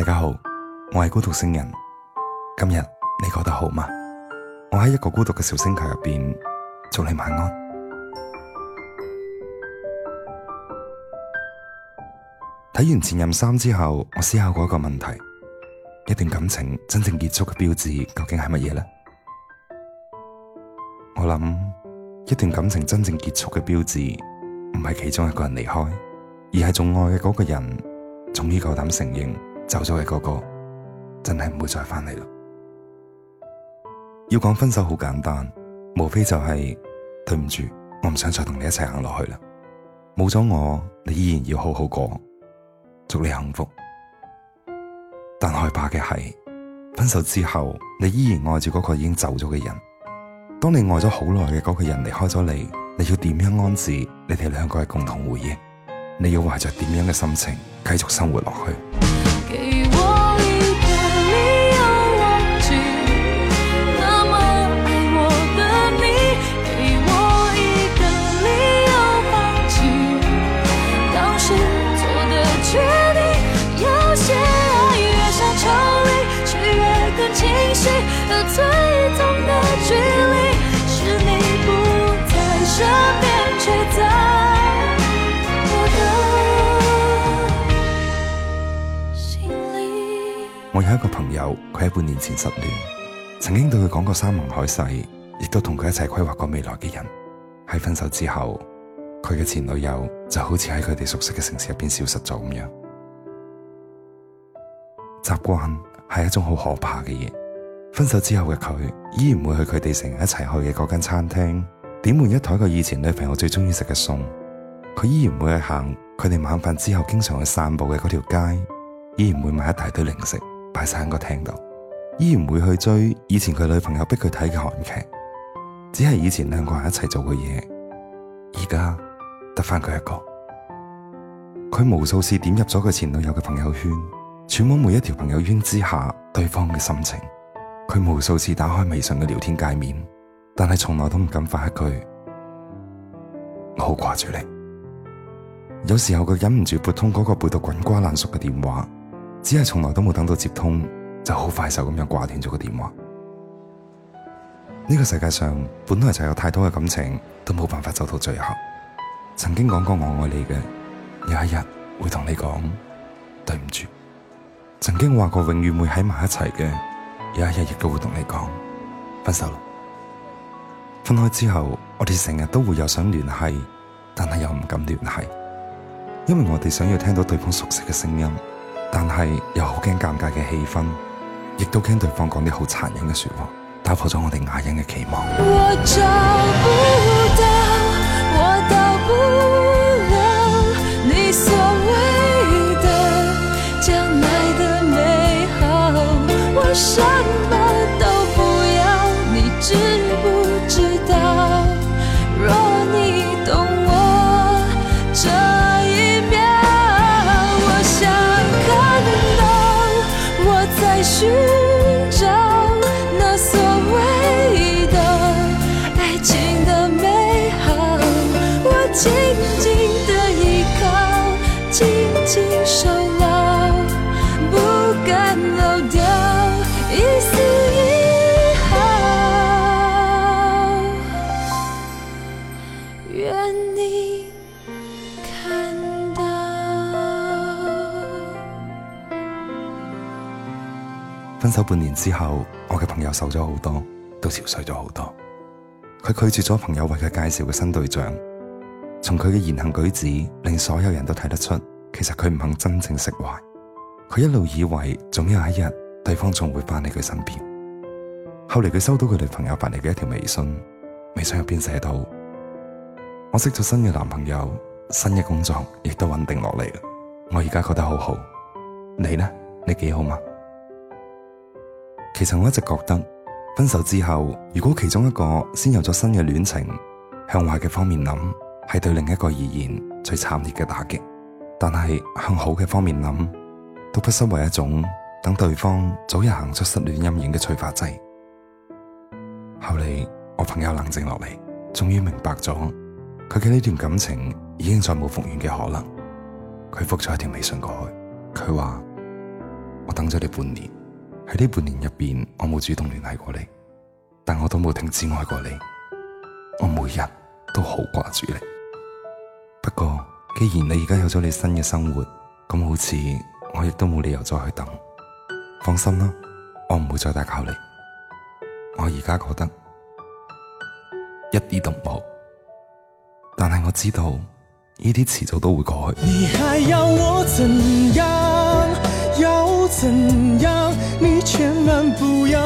大家好，我係孤獨星人。今日你覺得好嗎？我喺一個孤獨嘅小星球入邊，祝你晚安。睇完前任三之後，我思考過一個問題：一段感情真正結束嘅標誌究竟係乜嘢呢？我諗，一段感情真正結束嘅標誌唔係其中一個人離開，而係仲愛嘅嗰個人終於夠膽承認。走咗嘅嗰個，真係唔會再翻嚟啦。要講分手好簡單，無非就係，對唔住，我唔想再同你一齊行落去啦。冇咗我，你依然要好好過，祝你幸福。但害怕嘅係，分手之後你依然愛住嗰個已經走咗嘅人。當你愛咗好耐嘅嗰個人離開咗你，你要點樣安置你哋兩個嘅共同回憶？你要懷着點樣嘅心情繼續生活落去？另一個朋友，佢喺半年前失戀，曾經對佢講過山盟海誓，亦都同佢一齊規劃過未來嘅人。喺分手之後，佢嘅前女友就好似喺佢哋熟悉嘅城市入邊消失咗咁樣。習慣係一種好可怕嘅嘢。分手之後嘅佢，依然會去佢哋成日一齊去嘅嗰間餐廳，點滿一台佢以前女朋友最中意食嘅餸。佢依然會去行佢哋晚飯之後經常去散步嘅嗰條街，依然會買一大堆零食。擺晒喺個廳度，依然會去追以前佢女朋友逼佢睇嘅韓劇，只係以前兩個人一齊做嘅嘢，而家得翻佢一個。佢無數次點入咗佢前女友嘅朋友圈，揣摩每一條朋友圈之下對方嘅心情。佢無數次打開微信嘅聊天界面，但係從來都唔敢發一句我好掛住你。有時候佢忍唔住撥通嗰個背到滾瓜爛熟嘅電話。只係從來都冇等到接通，就好快手咁樣掛斷咗個電話。呢個世界上本來就有太多嘅感情都冇辦法走到最後。曾經講過我愛你嘅，有一日會同你講對唔住。曾經話過永遠會喺埋一齊嘅，有一日亦都會同你講分手。分開之後，我哋成日都會有想聯繫，但係又唔敢聯繫，因為我哋想要聽到對方熟悉嘅聲音。但係又好驚尷尬嘅氣氛，亦都驚對方講啲好殘忍嘅說話，打破咗我哋雅人嘅期望。我我找不不到，我到不了你所謂的將來的美好。我想分手半年之後，我嘅朋友瘦咗好多，都憔悴咗好多。佢拒絕咗朋友為佢介紹嘅新對象，從佢嘅言行舉止，令所有人都睇得出，其實佢唔肯真正釋懷。佢一路以為總有一日，對方仲會翻嚟佢身邊。後嚟佢收到佢哋朋友發嚟嘅一條微信，微信入邊寫到：我識咗新嘅男朋友，新嘅工作亦都穩定落嚟啦。我而家覺得好好，你呢？你幾好嗎？其實我一直覺得，分手之後，如果其中一個先有咗新嘅戀情，向壞嘅方面諗，係對另一個而言最慘烈嘅打擊。但係向好嘅方面諗，都不失為一種等對方早日行出失戀陰影嘅催化劑。後嚟我朋友冷靜落嚟，終於明白咗佢嘅呢段感情已經再冇復原嘅可能。佢復咗一條微信過去，佢話：我等咗你半年。喺呢半年入邊，我冇主動聯繫過你，但我都冇停止愛過你。我每日都好掛住你。不過，既然你而家有咗你新嘅生活，咁好似我亦都冇理由再去等。放心啦，我唔會再打擾你。我而家覺得一啲都冇，但係我知道呢啲遲早都會改。你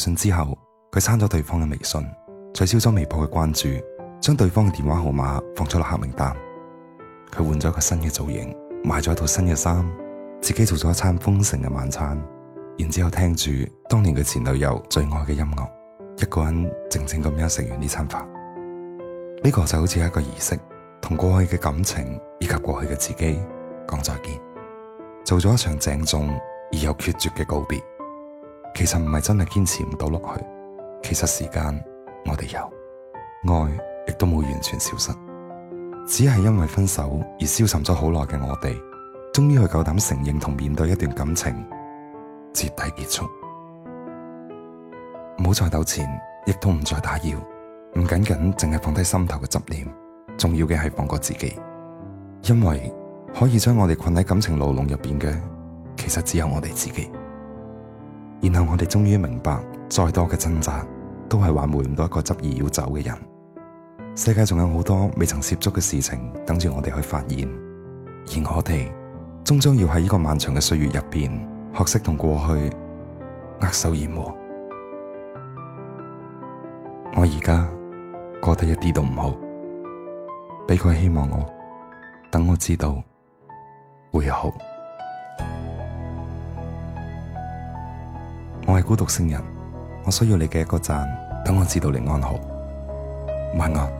信之後，佢刪咗對方嘅微信，取消咗微博嘅關注，將對方嘅電話號碼放咗落黑名單。佢換咗個新嘅造型，買咗一套新嘅衫，自己做咗一餐豐盛嘅晚餐，然之後聽住當年佢前女友最愛嘅音樂，一個人靜靜咁樣食完呢餐飯。呢個就好似一個儀式，同過去嘅感情以及過去嘅自己講再見，做咗一場鄭重而又決絕嘅告別。其實唔係真係堅持唔到落去，其實時間我哋有，愛亦都冇完全消失，只係因為分手而消沉咗好耐嘅我哋，終於去夠膽承認同面對一段感情徹底結束，唔好再糾纏，亦都唔再打擾，唔僅僅淨係放低心頭嘅執念，重要嘅係放過自己，因為可以將我哋困喺感情牢籠入邊嘅，其實只有我哋自己。然後我哋終於明白，再多嘅掙扎都係挽回唔到一個執意要走嘅人。世界仲有好多未曾涉足嘅事情等住我哋去發現，而我哋終將要喺呢個漫長嘅歲月入邊學識同過去握手言和。我而家過得一啲都唔好，俾佢希望我，等我知道會好。我係孤獨星人，我需要你嘅一個讚，等我知道你安好，晚安。